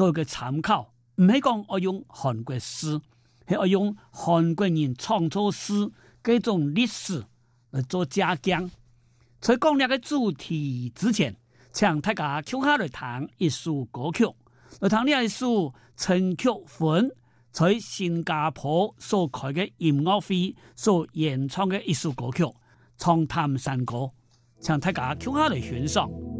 做一個參考，唔係講我用韓國詩，係我用韓國人創作詩嗰種歷史嚟做加強。在講呢個主題之前，請大家接下來彈一首歌曲，我彈呢一首陳菊芬在新加坡所開嘅音樂會所演唱嘅一首歌曲《滄田山歌》，請大家接下來欣賞。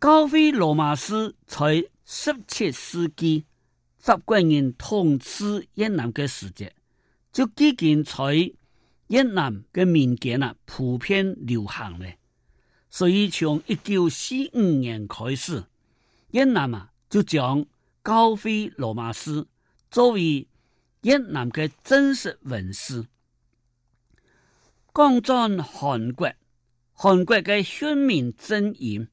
高飛羅馬斯，在十七世紀，法國人統治越南嘅時節，就幾件在越南嘅民間啊普遍流行咧。所以從一九四五年開始，越南啊就將高飛羅馬斯作為越南嘅真實文字，講真韓國，韓國嘅訓民正音。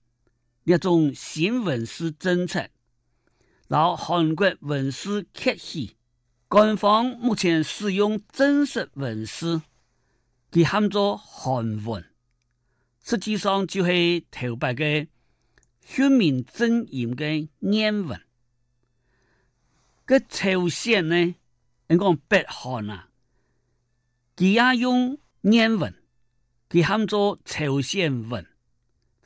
一種新文字政策，讓韓國文字克起。官方目前使用正式文字，佢喊做韓文，實際上就係頭別的書面真言嘅諺文。個朝鮮呢，應該北韓啊，佢也用諺文，佢喊做朝鮮文。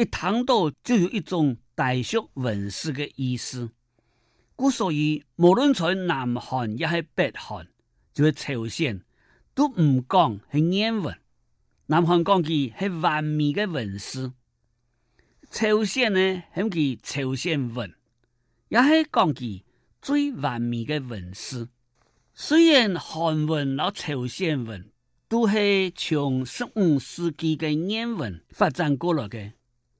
一談到就有一種大學文史嘅意思，故所以無論在南韓亦係北韓，就係朝鮮，都唔講係諺文。南韓講佢係完美嘅文史，朝鮮呢，叫佢朝鮮文，也是講佢最完美嘅文史。雖然韓文和朝鮮文都係從十五世紀嘅諺文發展過來嘅。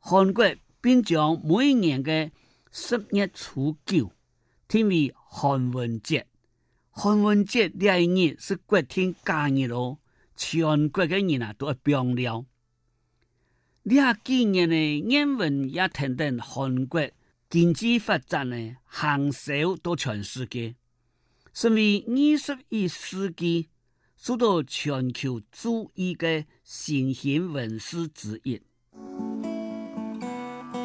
韓國並將每年的十月初九定為韓文節。韓文節第二日是國慶假日咯，全國的年人啊都放假。呢下幾年嘅人文也評定韓國經濟發展嘅行首到全世界，成為二十一世紀受到全球注意嘅新興文史之一。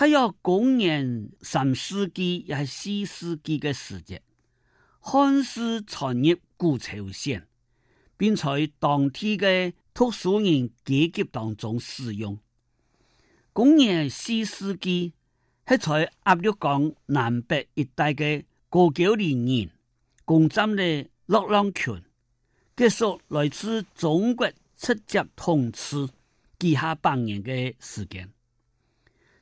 它要公元三世紀也是四世紀嘅時節，漢字創業古朝鮮，並在當地嘅讀書人階級當中使用。公元四世紀，喺在鴨綠江南北一帶嘅高句麗人攻佔了樂浪郡，結束來自中國直接統治，其下百年嘅時間。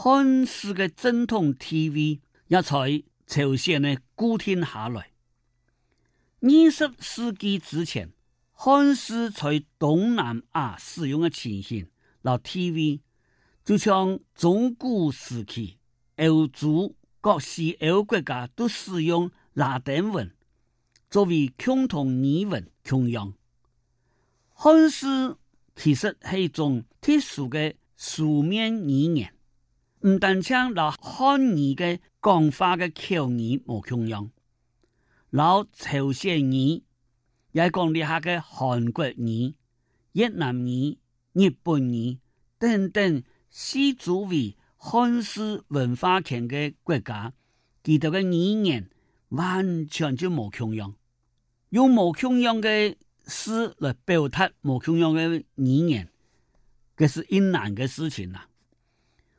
漢字的正統地位也在朝鮮呢固定下來，二十世紀之前，漢字在東南亞使用的前言，老 TV 就像中古時期歐洲各西歐國家都使用拉丁文作為共同語文通用。漢字其實是一種特殊的書面語言。唔單將老漢語嘅講法嘅口語冇同樣，嗯，老朝鮮語也係講下嘅韓國語、越南語、日本語等等，係祖為漢字文化圈嘅國家，佢哋嘅語言完全就冇同樣，用冇同樣嘅詩來表達冇同樣嘅語言，這是英難嘅事情啦。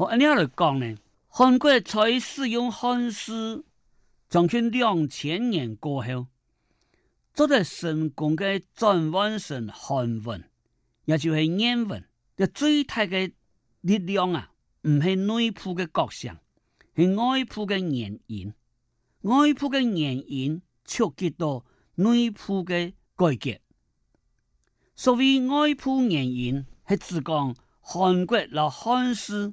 我按呢樣嚟講呢，韓國在使用漢字將近兩千年過後，做在成功的轉換成韓文，也就是諺文，嘅最大嘅力量啊，唔係內部嘅各項，係外部嘅原因。外部嘅原因觸及到內部嘅改革。所謂外部原因，係指講韓國落漢字。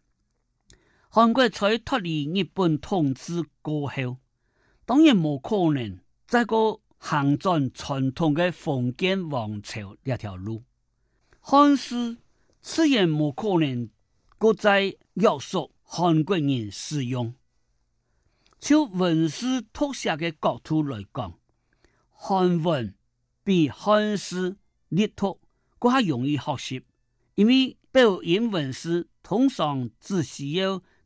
韓國在脫離日本統治過後，當然冇可能再個行進傳，傳統的封建王朝呢條路。漢字自然冇可能再約束韓國人使用。就文字脱下嘅角度來講，韓文比漢字易讀，更加容易學習，因為拼音文字通常只需要。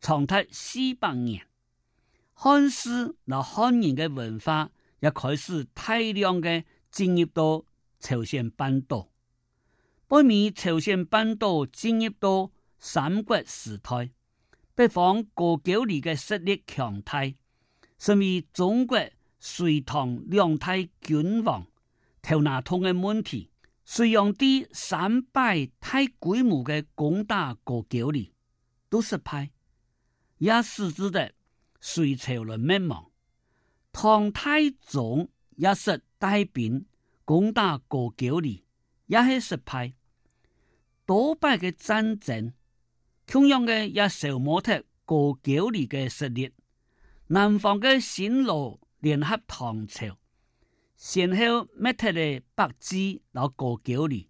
長達四百年，漢詩和漢人的文化也開始大量嘅進入到朝鮮半島。北面朝鮮半島進入到三國時代，北方高句麗的實力強大，甚為中國隋唐兩代君王頭腦痛的問題，隋煬帝三百大規模的攻打高句麗，都失敗。也使得的隋朝嘅滅亡。唐太宗也係帶兵攻打過高麗，也是失敗。多敗嘅戰爭，同樣嘅也消磨高句麗嘅實力。南方的新羅聯合唐朝，先後滅掉了百濟同高句麗。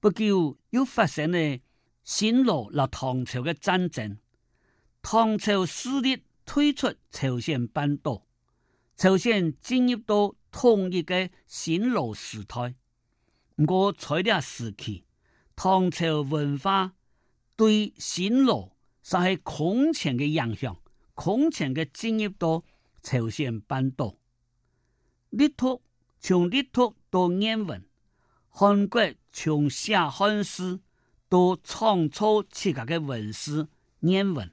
不久又發生了新羅同唐朝的戰爭。唐朝勢力退出朝鮮半島，朝鮮進入到統一嘅新羅時代。唔過，在呢個時期，唐朝文化對新羅就係空前嘅影響，空前嘅進入到朝鮮半島。力拓從力拓到諺文，韓國從寫漢詩到創作七個嘅文字諺文。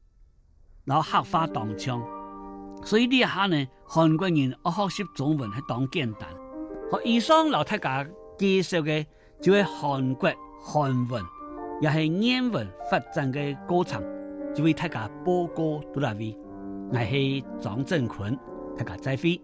攞黑花當槍，所以這呢下呢韓國人學學識中文係當簡單。我以上留睇家介紹嘅就係韓國韓文，亦係諺文發展嘅過程，就為睇家播歌到呢邊，係張振坤睇家再會。